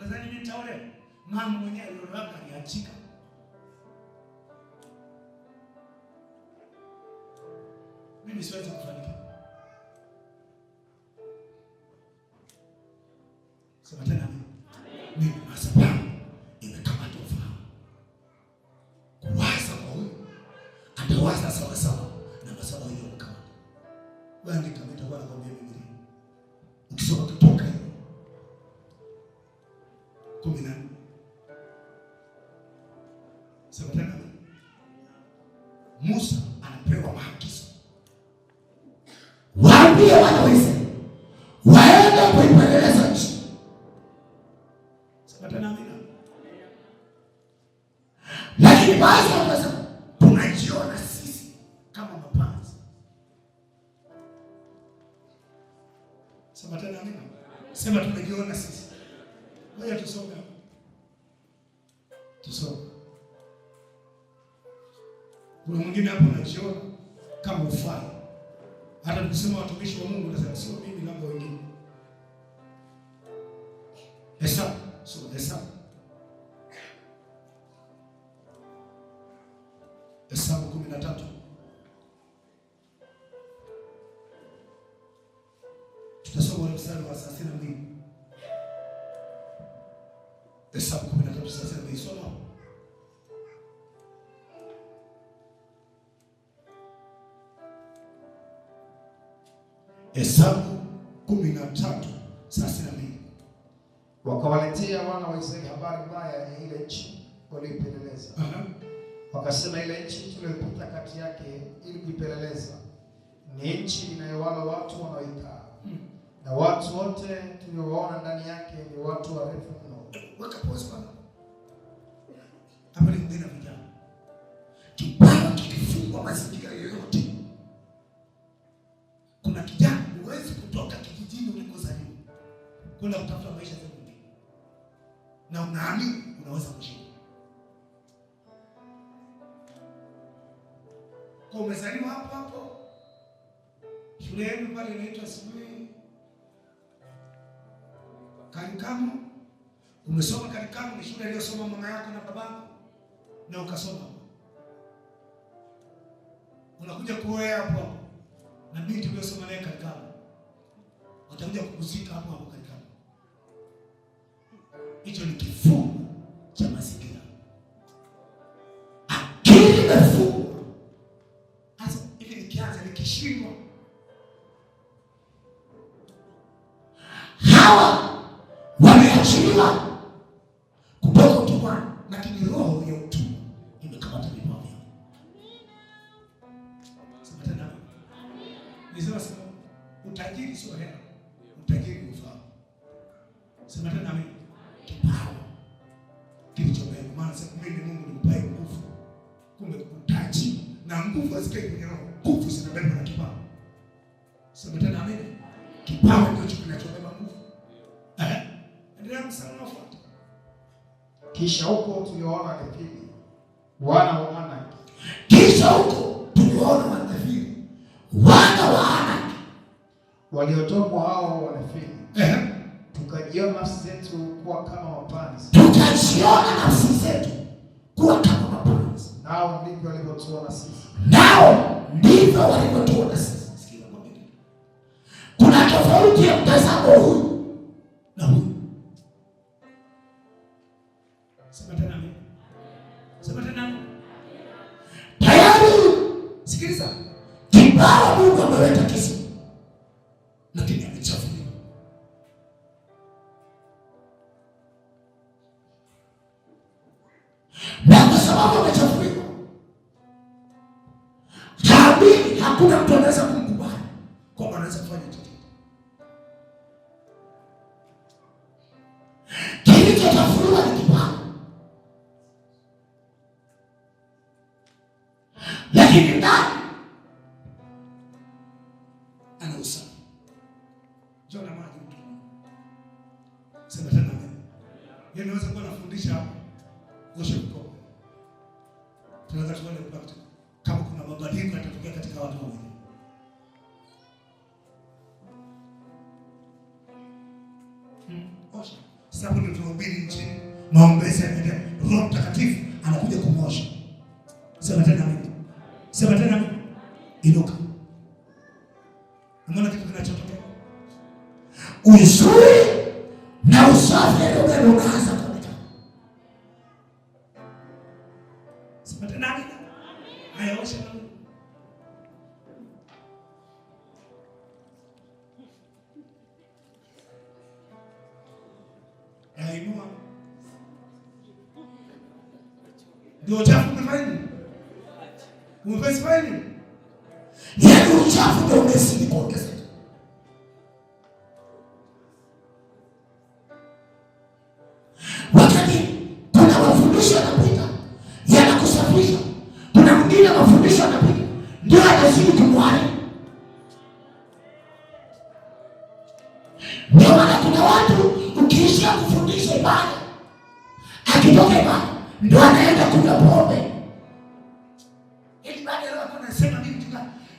Unadhani mimi nitaolewa? Mama mwenyewe aliolewa aliachika. Mimi siwezi kufanikiwa. Sema tena. Amen. Mimi nasema Septemba. Musa anapewa maagizo, waambie wanaweza waende kuipeleleza nchi. Sema tena amina. Lakini baadhi wanasema tunajiona sisi kama mapanzi. Sema tena amina. Sema tunajiona sisi Kuna mwingine hapo anajiona kama ufai. Hata tukisema watumishi wa Mungu nasema sio mimi namba wengine. Hesa, so hesa. Hesabu kumi na tatu. Tutasoma mstari wa thelathini na mbili. Hesabu kumi na tatu thelathini na mbili. Soma. Hesabu kumi na tatu thelathini na mbili wakawaletea wana wa Israeli habari mbaya ya ile nchi walioipeleleza. uh -huh. Wakasema, ile nchi tuliyopita kati yake ili kuipeleleza ni nchi inayowala watu wanaoikaa, hmm. na watu wote tuliowaona ndani yake ni watu warefu mno. Weka pause bwana. hapa ni mgeni na vijana, kibao kikifungwa mazingira kwenda kutafuta maisha zaidi na unaamini unaweza kushinda. Kwa umezaliwa hapo hapo, shule yenu pale inaitwa sijui Karikamu, umesoma Karikamu. Ni shule aliyosoma mama yako na babako, na ukasoma unakuja kuoa hapo na binti uliyosoma naye Karikamu, watakuja kukuzika hapo hapo hicho ni kifungo cha mazingira. Akili imefungwa hasa hivi, nikianza nikishindwa, hawa wameachiliwa kutoka utumwani, lakini roho ya utumwa imekamata vipawa vyao. utajiri sio hela, utajiri ufaa. Sema tena mimi na nguvu hazikai kwenye roho, nguvu zinabeba na kipawa. Sema tena amen. Kipawa ndicho kinachobeba nguvu. Eh? Endelea wa fuata. Kisha huko tuliwaona wakafiri wana wa Anaki. Kisha huko tuliwaona wakafiri wana wa Anaki waliotoka hao wanafiri. Eh? Tukajiona nafsi zetu kuwa kama wapanzi. Tukajiona nafsi zetu kuwa kama nao ndivyo walivyotuona sisi, Kuna tofauti ya mtazamo huu Sema tena amen. Yeye anaweza kuwa anafundisha worship kwa. Tunaweza tuone impact kama kuna mabadiliko yatatokea katika watu wao. Hmm. ndio maombezi Roho Mtakatifu anakuja kumosha. Sema tena amen. Sema tena amen. Inuka. Sipatanagi haya, osha na Mungu. Yainua ndio uchafu umefanya Umefanya nini? Yaani uchafu ndio umesindikwa Ndio tumwai ndio maana kuna watu ukiishia kufundisha ibada akitoka ibada ndio anaenda kunywa pombe. Yaani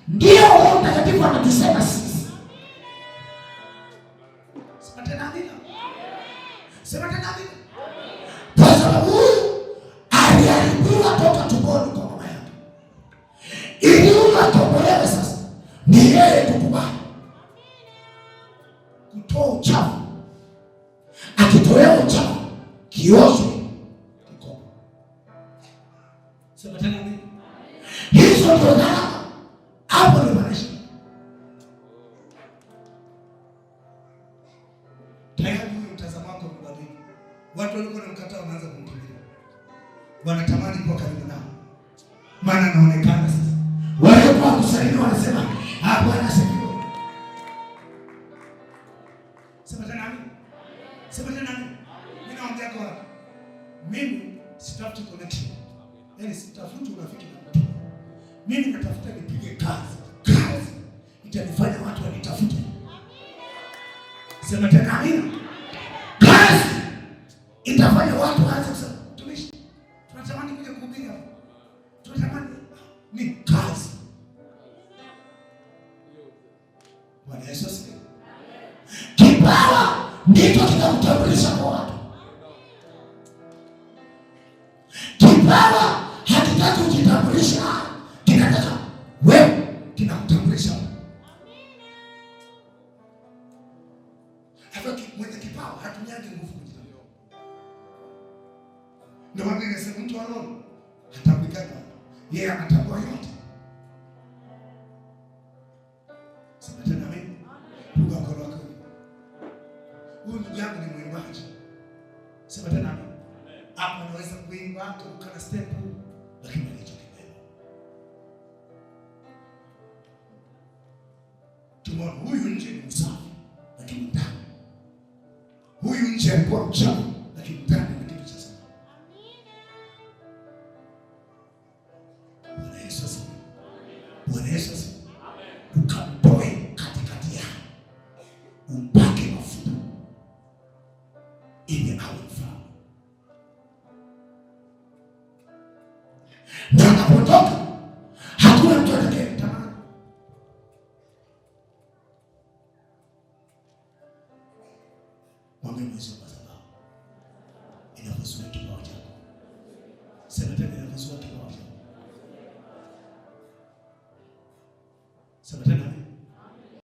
ndio Roho Mtakatifu anatusema kioshwe kikopo. Sema tena nini? Hizo Hapo ni maisha. Tayari mtazamo wako umebadilika. Watu walikuwa wanaanza Wanatamani kuwa karibu nao. Maana sasa. wanasema, "Ah, Bwana asifiwe." Sema tena Sema tena mimi sitafuti connection, yaani sitafuti urafiki na mtu. Mimi natafuta nipige kazi, kazi itanifanya watu wanitafute. Sema tena amina. Kazi itafanya watu waanze kusema tumishi, tunatamani kuja kuhubiri hapa, tunatamani ni kazi. Bwana Yesu asifiwe. Kipawa ndicho Kipawa hakitaki kujitambulisha, kinataka wewe kinakutambulisha. Hata mwenye kipawa hatumiagi nguvu kujitambulisha. Ndio maana nimesema mtu anaona hatambikana, yeye anatambua yote. Sema tena mimi piga mkono Huyu ndugu yangu ni mwimbaji. Sema tena hapa unaweza kuimba kuruka na step, lakini alicho kibeba. huyu nje ni msafi, lakini ndani, huyu nje alikuwa mchafu, lakini ndani ni kitu cha Bwana Yesu Bwana Yesu communism